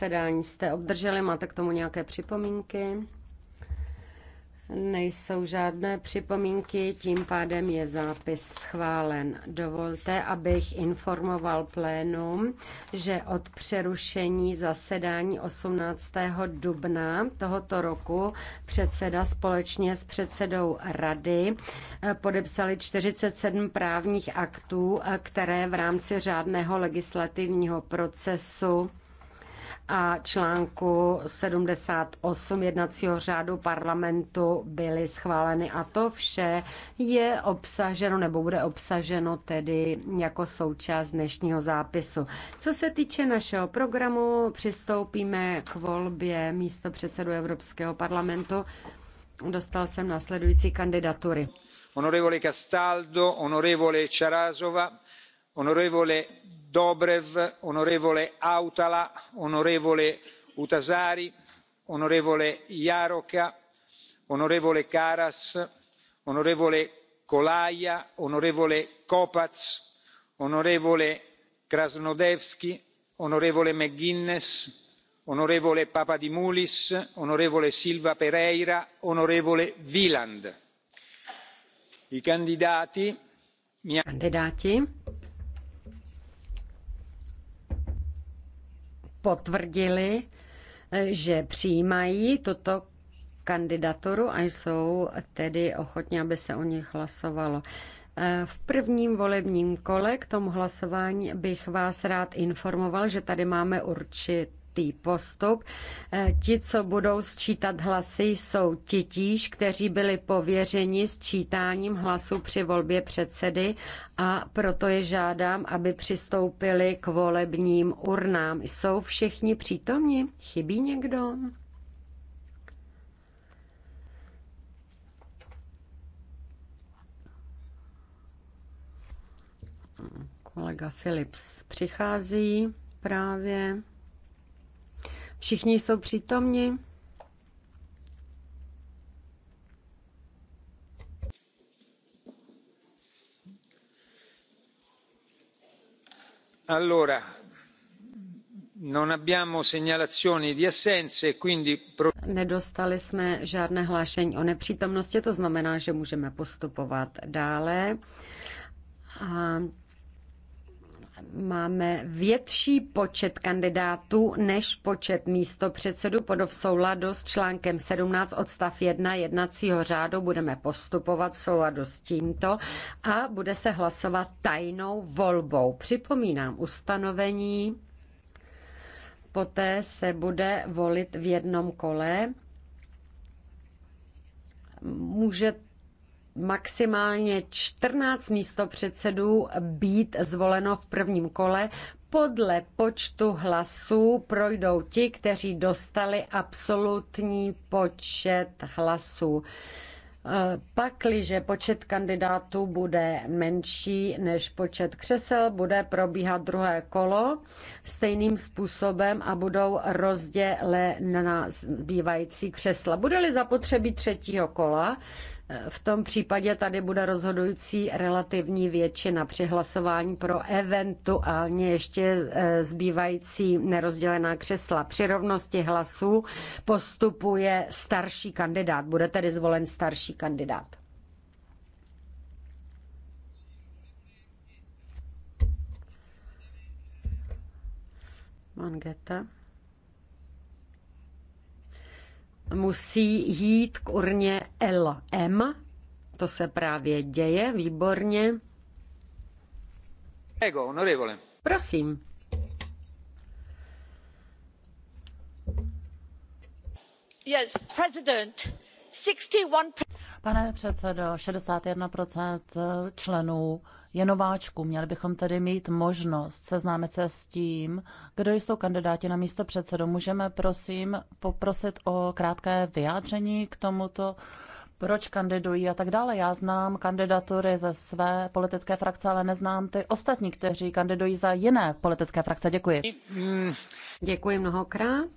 zasedání jste obdrželi. Máte k tomu nějaké připomínky? Nejsou žádné připomínky, tím pádem je zápis schválen. Dovolte, abych informoval plénum, že od přerušení zasedání 18. dubna tohoto roku předseda společně s předsedou rady eh, podepsali 47 právních aktů, eh, které v rámci řádného legislativního procesu a článku 78 jednacího řádu parlamentu byly schváleny a to vše je obsaženo nebo bude obsaženo tedy jako součást dnešního zápisu. Co se týče našeho programu, přistoupíme k volbě místo předsedu Evropského parlamentu. Dostal jsem následující kandidatury. Honorevole Castaldo, honorevole Čarázova, honorevole dobrev onorevole hautala onorevole huhtasaari onorevole jrka onorevole karas onorevole kolaja onorevole kopacz onorevole krasnodbski onorevole mcguinness onorevole papadimoulis onorevole silva pereira onorevole wieland. i candidati. potvrdili, že přijímají tuto kandidaturu a jsou tedy ochotní, aby se o nich hlasovalo. V prvním volebním kole k tomu hlasování bych vás rád informoval, že tady máme určit čtvrtý postup. Eh, ti, co budou sčítat hlasy, jsou titíž, kteří byli pověřeni sčítáním hlasů při volbě předsedy a proto je žádám, aby přistoupili k volebním urnám. Jsou všichni přítomni? Chybí někdo? kolega Philips přichází právě. Všichni jsou přítomni? Allora, non abbiamo segnalazioni di assenze, quindi... Nedostali jsme žádné hlášení o nepřítomnosti, to znamená, že můžeme postupovat dále. A máme větší počet kandidátů než počet místopředsedů. Pod v souladu s článkem 17 odstav 1 jednacího řádu budeme postupovat v souladu s tímto a bude se hlasovat tajnou volbou. Připomínám ustanovení. Poté se bude volit v jednom kole. Můžete maximálně 14 místopředsedů být zvoleno v prvním kole. Podle počtu hlasů projdou ti, kteří dostali absolutní počet hlasů. Eh, Pakliže počet kandidátů bude menší než počet křesel, bude probíhat druhé kolo stejným způsobem a budou rozdělena zbývající křesla. Bude-li zapotřebí třetího kola, v tom případě tady bude rozhodující relativní většina při hlasování pro eventuálně ještě e, zbývající nerozdělená křesla. Při rovnosti hlasů postupuje starší kandidát, bude tedy zvolen starší kandidát. Mangeta. musí jít k urně LM. To se právě děje, výborně. Ego, honorevole. Prosím. Yes, president. 61 Pane předsedo, 61% členů je nováčku. Měli bychom tedy mít možnost seznámit se s tím, kdo jsou kandidáti na místo předsedu. Můžeme prosím poprosit o krátké vyjádření k tomuto proč kandidují a tak dále. Já znám kandidatury ze své politické frakce, ale neznám ty ostatní, kteří kandidují za jiné politické frakce. Děkuji. Děkuji mnohokrát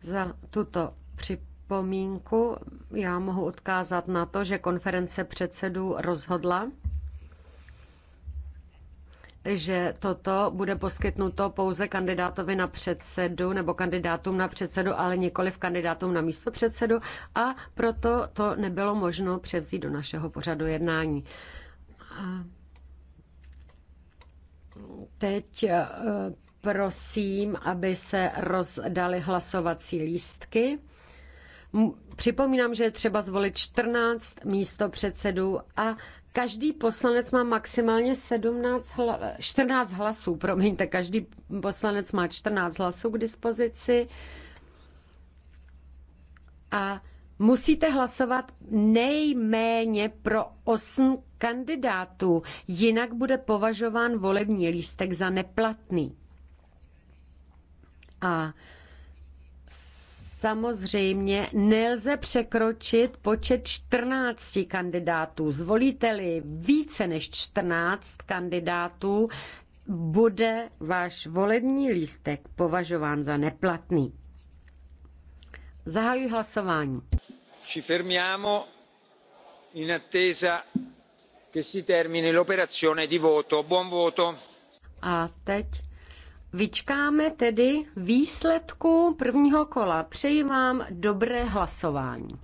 za tuto připravenost připomínku. Já mohu odkázat na to, že konference předsedů rozhodla, že toto bude poskytnuto pouze kandidátovi na předsedu nebo kandidátům na předsedu, ale nikoli v kandidátům na místo předsedu a proto to nebylo možno převzít do našeho pořadu jednání. A teď eh, prosím, aby se rozdali hlasovací lístky. Připomínám, že je třeba zvolit 14 místo předsedů a každý poslanec má maximálně 17 hla, 14 hlasů, promiňte, každý poslanec má 14 hlasů k dispozici a musíte hlasovat nejméně pro 8 kandidátů, jinak bude považován volební lístek za neplatný. A Samozřejmě nelze překročit počet 14 kandidátů. Zvolíte-li více než 14 kandidátů, bude váš volební lístek považován za neplatný. Zahajuji hlasování. Ci fermiamo in attesa che si termini l'operazione di voto. Buon voto. A teď Vyčkáme tedy výsledku prvního kola. Přeji vám dobré hlasování.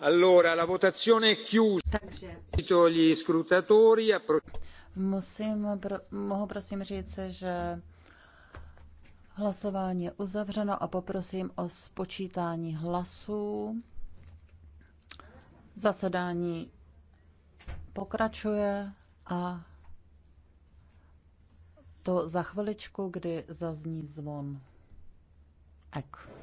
Allora, la votazione è chiusa. Takže. Gli scrutatori a... mohu prosím říct, že hlasování je uzavřeno a poprosím o spočítání hlasů. Zasedání pokračuje a to za chviličku, kdy zazní zvon. Ek.